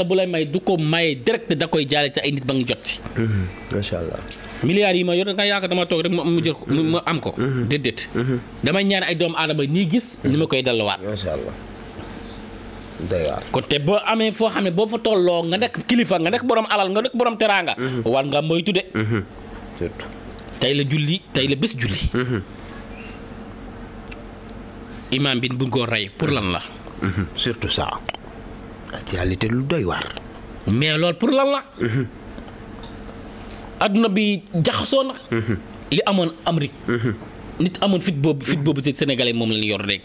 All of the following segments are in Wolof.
yalla bu lay may du ko may direct da koy jale sa ay nit ba nga jot ci. Mhm, macha allah. milliards yi ma yor nga yak dama tok rek ma mu jël ko ma am ko. Mhm. dedet hmm dama ñaan ay doom adama ni gis. Mhm. ni ma koy delluwaat. machallah dayar ko te bo amé fo xamné bo fa tolloo nga nek kilifa nga nek borom alal nga nek borom teranga war nga moytu de. surtout. tay la julli tay la bes julli. hmm imam bin bu ko ray pour lan la. hmm surtout ça. actualité lu doy waar. mais loolu pour lan la. Mhm. adduna bi jaxasoo na. Mhm. li amoon Amérique. Mhm. nit amoon fit boobu fit boobu si sénégalais moom la ñu yor rek.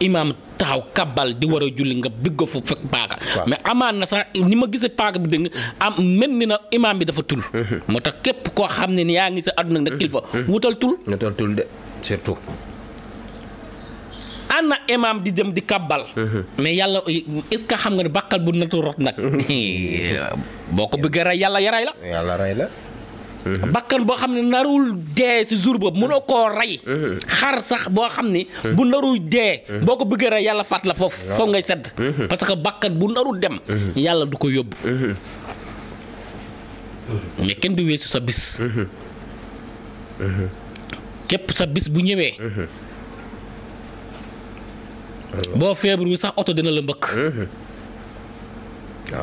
imaam taxaw kabal di war a julli nga biggo fu fekk paaka. mais amaan na sax ni ma gisee paaka bi dégg am même ni na imaam bi dafa tul. moo tax képp koo xam ne ni yaa ngi sa àdduna nag kilifa wutal tul. wutal tul de surtout. ana imam di dem di kabbal mhm. mais yalla est ce xam nga ne bu natu rot nak mhm. boko ko bëggee yalla yaray la yalla ray la mhm. bakkan bo xamni narul de ci jour mu no ko ray xar sax bo xamni bu naru dee boko ko bëggee yalla fat la fof fo ngay sedd parce que bakkan bu naru dem yalla du ko yóbbu mais ken du weesu sa bis kep sa bis bu boo feebarul sax oto dina la mbëkk.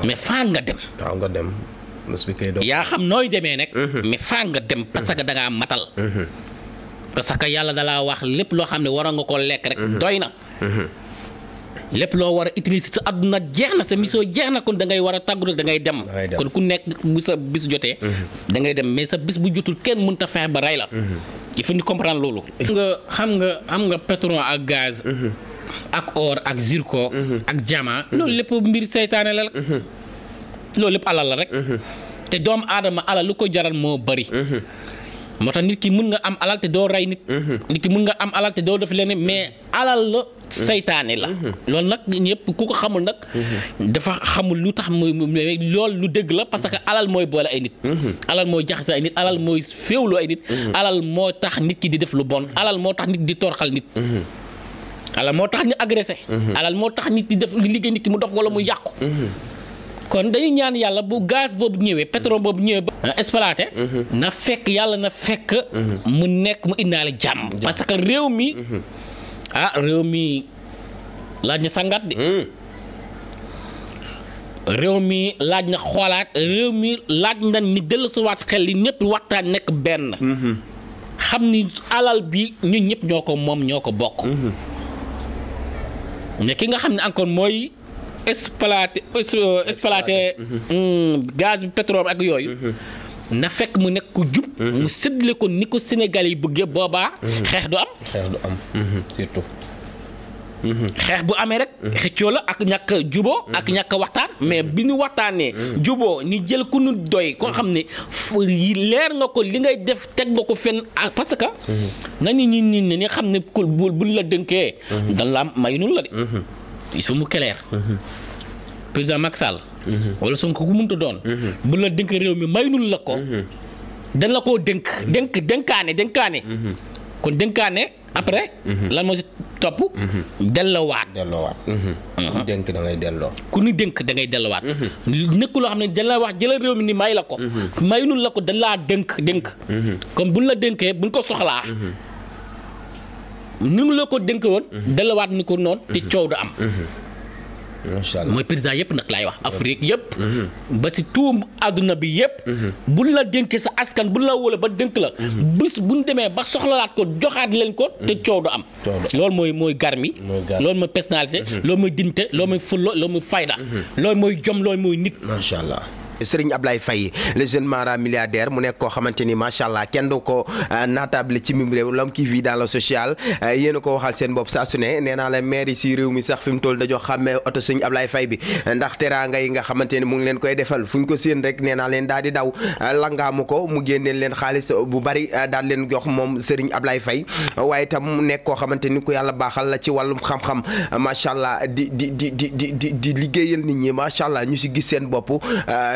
mais faa nga dem. nga dem. yaa xam nooy demee nag. mais faa nga dem parce que da ngaa matal. parce que yàlla dalaa wax lépp loo xam ne waroon nga ko lekk rek. doy na. lépp loo war a utiliser sa àdduna jeex na sa mission jeex na kon da ngay war a tàggu rek da ngay dem. kon ku nekk bu sa bis jotee. da ngay dem mais sa bis bu jotul kenn mënut a fexe ba rey la. il faut ñu comprendre loolu. Eh. nga xam nga am nga pétrole ak gaz. ak or ak zirko. Mhm. ak jama loolu mhm. lépp mbir seytaane la rek. Mhm. loolu lépp alal la rek. te doomu aadama alal lu ko jaral moo bari. moo tax nit ki mun nga am alal te doo rey nit. nit ki mun nga am alal te doo def leen mais alal la. seytaane la. loolu nag ñëpp ku ko xamul nag. dafa xamul lu tax muy lool lu dëgg la parce que alal mooy boole ay nit. alal mooy jaxase ay nit alal mooy féewlu ay nit. alal moo tax nit ki di def lu bon alal moo tax nit di torxal nit. alal moo tax ñu agressé. Mhm. moo tax nit di def li liggéey nit mu dof wala mu yàqu. Mhm. kon dañuy ñaan yàlla bu gaz boobu ñëwee pétrole boobu ñëwee ba. Mhm. exploité. na fekk yàlla na fekk. mu nekk mu indaale jàmm. parce que réew mi. ah mi laaj na sangat di. réew mi laaj na xoolaat réew mi laaj na ni dellusiwaat xel li ñëpp waxtaan nekk benn. xam ni alal bi ñun ñëpp ñoo ko moom ñoo ko bokk. mais ki nga xamne encore moy exploiter exploiter gaz pétrole ak yoy na fek mu nek ku djub mu sedle ko niko sénégalais Sénégal boba xex du am xex du am surtout xeex bu amee rek xëccoo la ak ñàkk a ak ñàkk waxtaan mais bi ñu waxtaanee juboo ni jël ku ñu doy koo xam ne leer nga ko li ngay def teg nga ko fenn ah, parce que nañu ñi nit ni xam ne kul bu buñ la dënkee dan la mayuñu la de il faut Sall wala Sonko ku mënta doon bu réew mi mayuñu la ko dan la koo dënk dënk dënkaane dënkaane kon dënkaane après lan moo si topp. delloowaat delloowaat. Mhm. ku dénk da ngay delloo. ku ñu dénk da ngay delloowaat. Mhm. nekk loo xam ne dañ la wax jëlal réew mi ni may la ko. Mhm. mayuñu la ko dañ laa dénk dénk. comme buñ la dénkee buñ ko soxlaa. ni ngi la ko dënk woon. delloowaat ni ko noonu. te coow du am. incha allah mooy président yëpp nag laay wax Afrique yëpp. ba si tuum àdduna bi yëpp. Mhm. buñ la dénkee sa askan bu la wóole ba dénk la. Mhm. bis buñ demee ba soxlalaat ko joxaat leen ko. te mhm. coow du am. lool mooy mooy garmi loolu mooy personnalité. loolu mooy dignité loolu mooy fulla loolu mooy fayda. loolu mooy jom loolu mooy nit. macha allah. Serigne Ablaye Faye le jeune mara mu nekk koo xamante ni macha allah kenn du ko euh, naatable ci mim réew l'homme qui vit dans le social euh, yéen a ko waxal seen bopp sa su ne nee naa la maire yi si réew mi sax fi mu toll dañoo xàmmee oto Serigne Ablaye Faye bi ndax teraanga yi nga xamante ni mu ngi leen koy defal fu ñu ko séen rek nee leen daal di daw euh, ko mu génneen leen xaalis bu bari daal leen jox moom Serigne Ablaye Faye waaye tam mu nekk koo xamante ni ku yàlla baaxal la ci wàllum xam-xam macha allah di di di di di di liggéeyal nit ñi macha allah ñu si gis seen bopp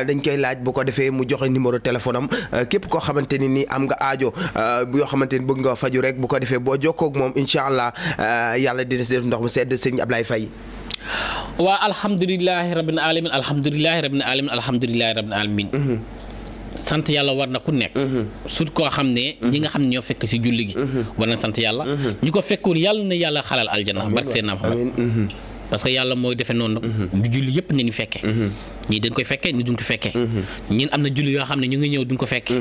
dañ koy laaj bu ko defee mu joxe numéro téléphone euh, képp koo xamante ni nii am nga aajo euh, yoo xamante ni bëgg nga faju rek bu ko defee boo jokkoo ak moom incha allah euh, yàlla dina def ndox mu sedd sëriñ Ablaye Faye waa alhamdulilahi rabbil alamin alhamdulilahi rabbil alamin alhamdulilahi rabbil alamin mhm. sant yàlla war na ku nekk mhm. sut koo xam ne ñi nga xam ne ñoo fekk si julli gi mhm. war na sant yàlla ñu ko fekkoon yàlla na yàlla xalal aljana barke seen naa parce que yàlla mooy defe noonu. du mhm. julli yëpp nañu fekke. Mhm. ñii dañ koy fekke ñii duñ ko fekke. Mhm. ñun am na julli yoo xam ne ñu ngi ñëw duñ ko fekke. na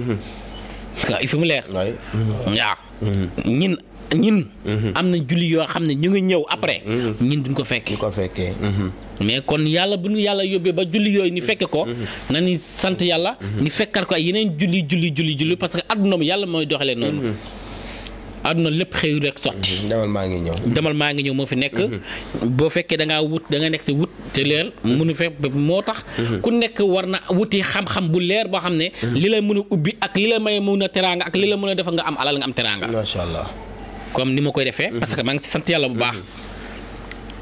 julli yoo xam ne ñu ngi ñëw après. ñun duñ ko fekke. ko fekke. mais kon yàlla bu ñu yàlla yóbbee ba julli yooyu ni fekke ko na ni sant yàlla. ni fekkar ko ay yeneen julli julli julli parce que adduna bi yàlla mooy doxalee noonu. àdduna lépp xëy rek sotti. Mhm. demal maa ngi ñëw. demal maa ngi ñëw moo fi nekk. Mhm. boo fekkee da ngaa wut danga nga nekk si wut te leer. Mhm. munu fekk moo tax. ku nekk war na wuti xam-xam bu leer boo xam ne. li la mën a ubbi ak li la may mën a teraanga ak li la mën a def nga am alal nga am teraanga. macha allah comme ni ma koy defee. parce que maa ngi sant yàlla bu baax.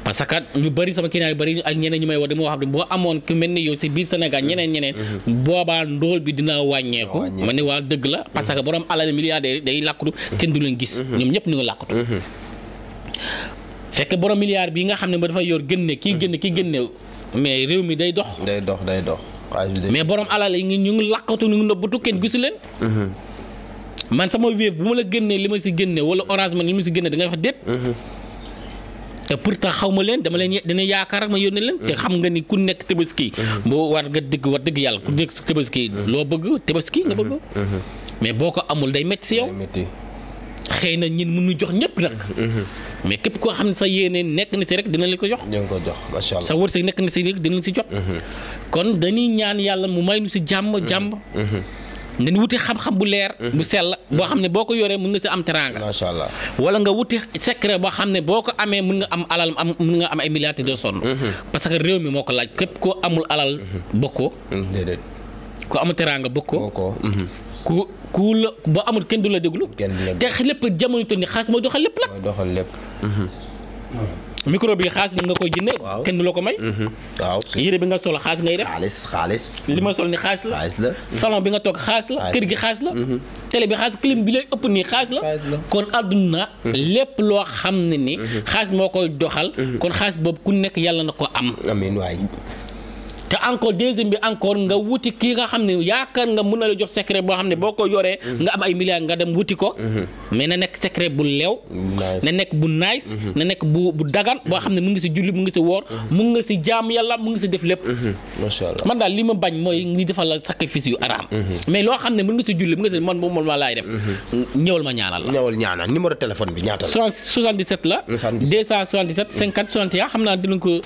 parce que ñu bëri sama client yu bëri ak ñeneen ñu may wax dama wax boo amoon ku mel ni yow si biir Sénégal ñeneen ñeneen mm-hmm. boobaa ndóol bi dina wàññeeku ma ne waa dëgg la mm-hmm. parce que borom alal milliardaire day làkkatu kenn du leen gis mm-hmm. ñoom ñëpp ñu ngi làkkatu fekk borom milliard bi nga xam ne ma dafa yor génne kii génne kii génne mais réew mi day dox day dox day dox mais borom alal yi ñu ngi làkkatu ñu ngi nëbbatu kenn gisu man sama wéef bu ma la génnee li ma si g wala orange man li ma si génne da ngay wax déet te pourtant xaw ma leen dama leen dana yaakaar rek ma yónnee leen. te mm-hmm. xam nga ni ku nekk tabaski. Mm-hmm. boo war nga dëgg war dëgg yàlla ku nekk tabaski. Mm-hmm. loo bëgg tabaski nga bëgg. mais boo ko amul day métti si yow. xëy na ñin mënu jox ñëpp nag. mais képp koo xam ne sa yeneen nekk na si rek dina la ko jox. dina ko jox macha allah sa wërsëg nekk na si rek dina la si jot. kon dañuy ñaan yàlla mu may nu si jàmm jàmm. nañ wuti xam-xam bu leer. Mhm. bu sell boo mhm. xam ne boo ko yoree mun nga si am teraanga. macha allah wala nga wuti secret boo xam ne boo ko amee mun nga am alal am mën nga am ay milliards de sonn. Mhm. parce que réew mi moo ko laaj képp koo amul alal bokkoo. déedéet ku amul teraanga bokkoo. ku ku la boo amul kenn du la déglu. te lépp jamono toll ni xaalis mooy doxal lépp la. mooy doxal lépp. micro bi xaalis bi nga koy jënde kenn du la ko may. Mhm. waaw yére bi nga sol xaalis ngay def. xaalis li ma sol ni xaalis la. salon bi nga toog xaalis la. kër gi xaalis la. Mhm. télé bi xaalis clim bi lay ëpp nii xaalis la. kon àdduna mhm. lépp loo xam ne ni. xaalis moo koy doxal. kon xaalis boobu ku nekk yàlla na ko am. amiin waay. te encore deuxième bi encore nga wuti kii nga xam ne yaakaar nga mën na la jox secret boo xam ne boo ko yoree. Mhm. nga am ay milliards nga dem wuti ko. Mhm. mais na nekk secret bu leew. na nekk bu nice. Mhm. na nekk bu bu boo xam ne mu ngi si julli mu ngi si woor. mu ngi si jaam yàlla mu ngi si def lépp. macha man li ma bañ mooy ngi defal la sacrifice yu araam. mais loo xam ne mu ngi si julli ma laay def. ñëwal ma ñaanal la. ñëwal ñaanal numéro téléphone bi ñaata la. 77 la. 277 50 61 xam naa dinañ ko.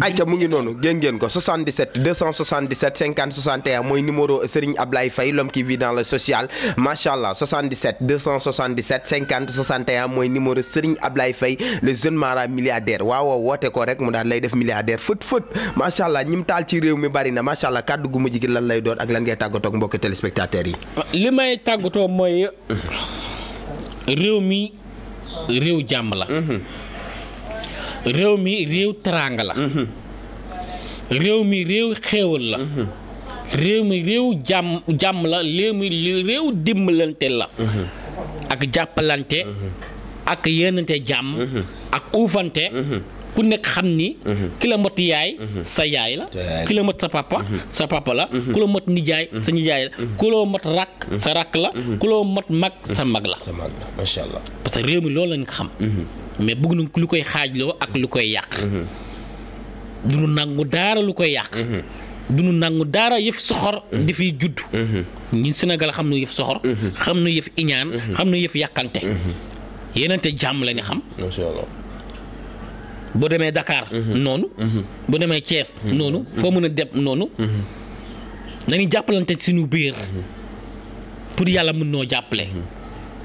ayca mu ngi noonu gën ngeen ko 77 277 50 61 mooy numéro Serigne Ablaye Faye l'homme qui vit dans le social macha allah 77 277 50 61 mooy numéro Serigne Ablaye Faye le jeune mara milliardaire waaw woote ko rek mu daal lay def milliardaire fët fët macha allah ñi taal ci réew mi bari na macha allah kàddu gu mujj gi lan lay doon ak lan ngay tàggatoo ak mbokki yi. Ah, li may tàggatoo mooy réew mi réew jàmm la. Mhm. réew mi réew teraanga la. Mm-hmm. réew mi réew xéewal la. Mm-hmm. réew jàmm jàmm la réew mi dimbalante la. Mm-hmm. ak jàppalante. ak yéenante jàmm. ak uufante. ku nekk xam ni. ki la yaay. sa yaay la. ki la sa papa. sa papa la. ku la nijaay sa nijaay la. ku la mot rakk sa rakk la. ku la mot mag sa mag la. sa mag la parce que réew mi loolu lañ xam. mais bëgg na lu koy xaajloo ak lu koy yàq. Mhm. du nu nangu daara lu koy yàq. Mhm. du nu nangu daara yëf soxor. Mhm. di fi judd. ñun senegal xam na yëf soxor. xam na yëf iñaan. xam na yëf yàkkante. yenente jàmm lañu ñu xam. boo demee Dakar. noonu. boo demee Thiès. noonu foo mën a dem noonu. nañu jàppalante suñu biir. pour yàlla mën noo jàppale.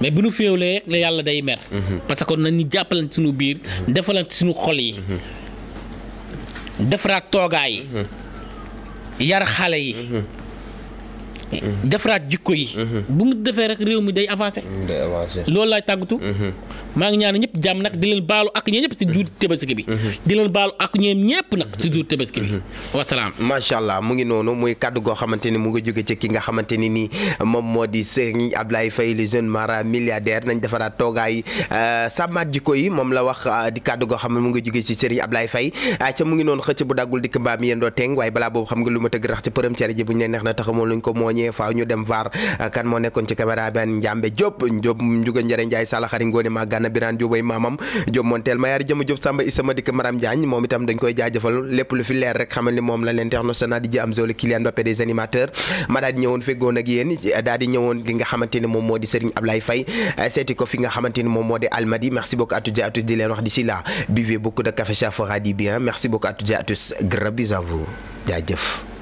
mais bu nu féewlee rek la yàlla day mer. Mhm. parce que nañu jàppalante suñu biir. Mhm. defaraat suñu xol yi. Mhm. defaraat toogaay yar xale yi. defaraat jikko yi. bu mu defee rek réew mi day avancé. loolu laay tàggatu. maa ngi ñaan ñëpp jàmm nag di leen baalu ak ñee ñëpp ci jur tabaski bi mhm. di leen baalu ak ñoom ñëpp nag ci jur bi mhm. macha allah mu ngi noonu muy kaddu goo xamante ni mu ngi jóge ci ki nga xamante ni nii moom moo di Serigne Ablaye fay le jeune mara milliardaire nañ defaraat toogaay euh, sàmmaat jiko yi moom la wax euh, di kaddu goo xam ne mu ngi jóge ci Serigne Ablaye fay ah, ca mu ngi noonu xëcc bu dagul dikk mbaam yendoo teng waaye balaa boobu xam nga lu ma tëgg rax ci përëm cere ji bu ñu leen neex na luñ ko mooñee faaw ñu dem vaar euh, kan moo nekkoon ci caméra ben Njuga Njaay Sala Xari Soxna Birane Mamam ay maamam Diop Montel Mayaari Jëma Diop Samba Isama Dikk Maram Diagne moom itam dañ koy jaajëfal lépp lu fi leer rek xamal ni Mom la l'international di ji am solo Kylian Mbappé des animateurs Madad daal di ñëwoon feggoon ak yéen daal di ñëwoon li nga xamante ni moom moo Serigne Ablaye Faye seeti ko fi nga xamante Mom Modi moo Almadi merci beaucoup à tous et à tous di leen wax d'ici là buvez beaucoup de café ça fera bien merci beaucoup à toutes et à tous gros bisous à vous jaajëf